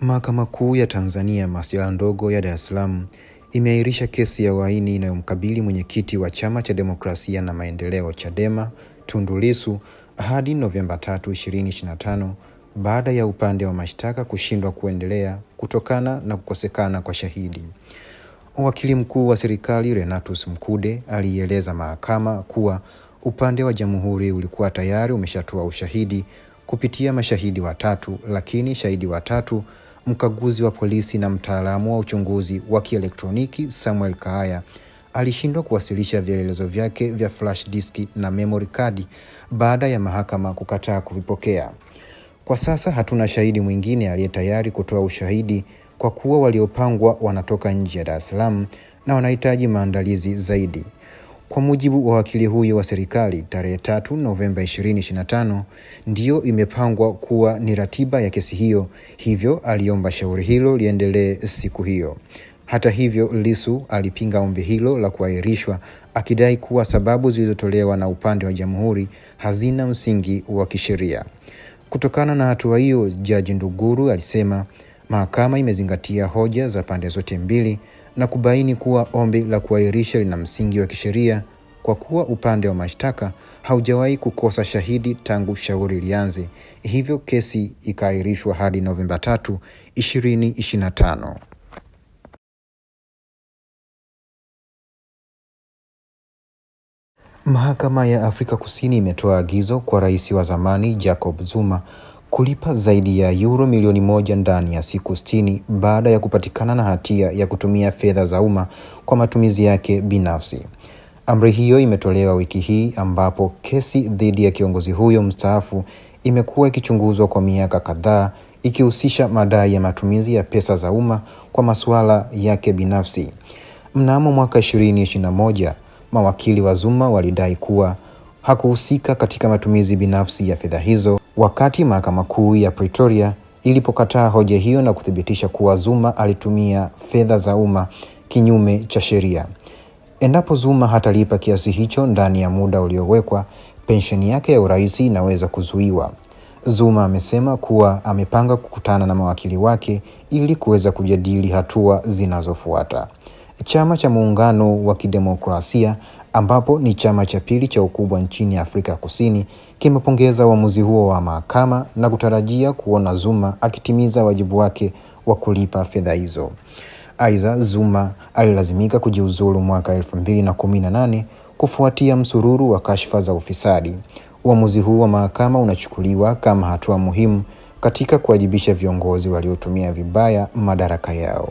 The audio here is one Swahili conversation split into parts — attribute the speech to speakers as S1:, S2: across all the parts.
S1: Mahakama Kuu ya Tanzania masuala ndogo ya Dar es Salaam imeahirisha kesi ya uhaini inayomkabili mwenyekiti wa Chama cha Demokrasia na Maendeleo Chadema Tundu Lissu hadi Novemba 3, 2025 baada ya upande wa mashtaka kushindwa kuendelea kutokana na kukosekana kwa shahidi. Wakili mkuu wa serikali Renatus Mkude aliieleza mahakama kuwa upande wa jamhuri ulikuwa tayari umeshatoa ushahidi kupitia mashahidi watatu, lakini shahidi watatu mkaguzi wa polisi na mtaalamu wa uchunguzi wa kielektroniki Samuel Kaaya alishindwa kuwasilisha vielelezo vyake vya flash diski na memory card baada ya mahakama kukataa kuvipokea. Kwa sasa hatuna shahidi mwingine aliye tayari kutoa ushahidi kwa kuwa waliopangwa wanatoka nje ya Dar es Salaam na wanahitaji maandalizi zaidi. Kwa mujibu wa wakili huyo wa serikali, tarehe tatu Novemba 2025 ndiyo imepangwa kuwa ni ratiba ya kesi hiyo, hivyo aliomba shauri hilo liendelee siku hiyo. Hata hivyo, Lissu alipinga ombi hilo la kuahirishwa akidai kuwa sababu zilizotolewa na upande wa jamhuri hazina msingi wa kisheria. Kutokana na hatua hiyo, Jaji Nduguru alisema mahakama imezingatia hoja za pande zote mbili na kubaini kuwa ombi la kuahirisha lina msingi wa kisheria kwa kuwa upande wa mashtaka haujawahi kukosa shahidi tangu shauri lianze, hivyo kesi ikaahirishwa hadi Novemba 3, 2025.
S2: Mahakama ya Afrika Kusini imetoa agizo kwa rais wa zamani Jacob Zuma kulipa zaidi ya euro milioni moja ndani ya siku sitini baada ya kupatikana na hatia ya kutumia fedha za umma kwa matumizi yake binafsi. Amri hiyo imetolewa wiki hii ambapo kesi dhidi ya kiongozi huyo mstaafu imekuwa ikichunguzwa kwa miaka kadhaa ikihusisha madai ya matumizi ya pesa za umma kwa masuala yake binafsi. Mnamo mwaka 2021, mawakili wa Zuma walidai kuwa hakuhusika katika matumizi binafsi ya fedha hizo wakati mahakama kuu ya Pretoria ilipokataa hoja hiyo na kuthibitisha kuwa Zuma alitumia fedha za umma kinyume cha sheria. Endapo Zuma hatalipa kiasi hicho ndani ya muda uliowekwa, pensheni yake ya urais inaweza kuzuiwa. Zuma amesema kuwa amepanga kukutana na mawakili wake ili kuweza kujadili hatua zinazofuata. Chama cha Muungano wa Kidemokrasia ambapo ni chama cha pili cha ukubwa nchini Afrika Kusini kimepongeza uamuzi huo wa mahakama na kutarajia kuona Zuma akitimiza wajibu wake wa kulipa fedha hizo. Aidha, Zuma alilazimika kujiuzulu mwaka elfu mbili na kumi na nane kufuatia msururu wa kashfa za ufisadi. Uamuzi huu wa mahakama unachukuliwa kama hatua muhimu katika kuwajibisha viongozi waliotumia vibaya madaraka yao.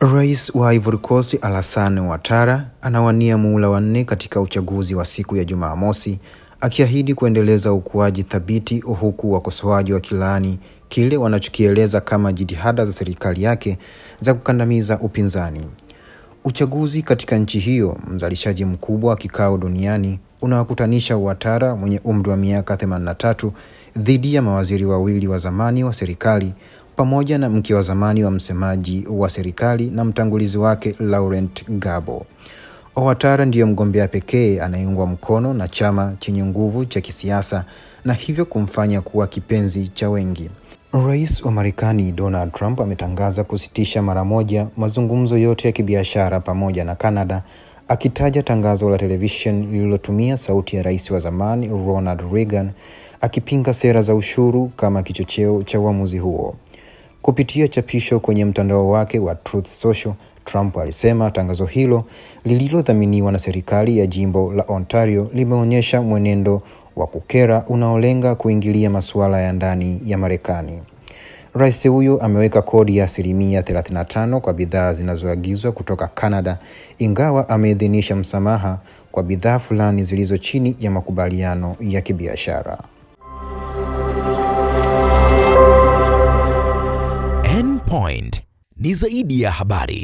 S3: Rais wa Ivory Coast Alassane Ouattara anawania muhula wa nne katika uchaguzi wa siku ya Jumamosi, akiahidi kuendeleza ukuaji thabiti, huku wakosoaji wakilaani kile wanachokieleza kama jitihada za serikali yake za kukandamiza upinzani. Uchaguzi katika nchi hiyo, mzalishaji mkubwa wa kikao duniani, unawakutanisha Ouattara mwenye umri wa miaka 83 dhidi ya mawaziri wawili wa zamani wa serikali pamoja na mke wa zamani wa msemaji wa serikali na mtangulizi wake Laurent Gabo. Ouattara ndiyo mgombea pekee anayeungwa mkono na chama chenye nguvu cha kisiasa na hivyo kumfanya kuwa kipenzi cha wengi.
S4: Rais wa Marekani Donald Trump ametangaza kusitisha mara moja mazungumzo yote ya kibiashara pamoja na Kanada, akitaja tangazo la televisheni lililotumia sauti ya rais wa zamani Ronald Reagan akipinga sera za ushuru kama kichocheo cha uamuzi huo. Kupitia chapisho kwenye mtandao wake wa Truth Social, Trump alisema tangazo hilo lililodhaminiwa na serikali ya jimbo la Ontario limeonyesha mwenendo wa kukera unaolenga kuingilia masuala ya ndani ya Marekani. Rais huyo ameweka kodi ya asilimia 35 kwa bidhaa zinazoagizwa kutoka Canada, ingawa ameidhinisha msamaha kwa bidhaa fulani zilizo chini ya makubaliano ya kibiashara. Mind ni zaidi ya habari.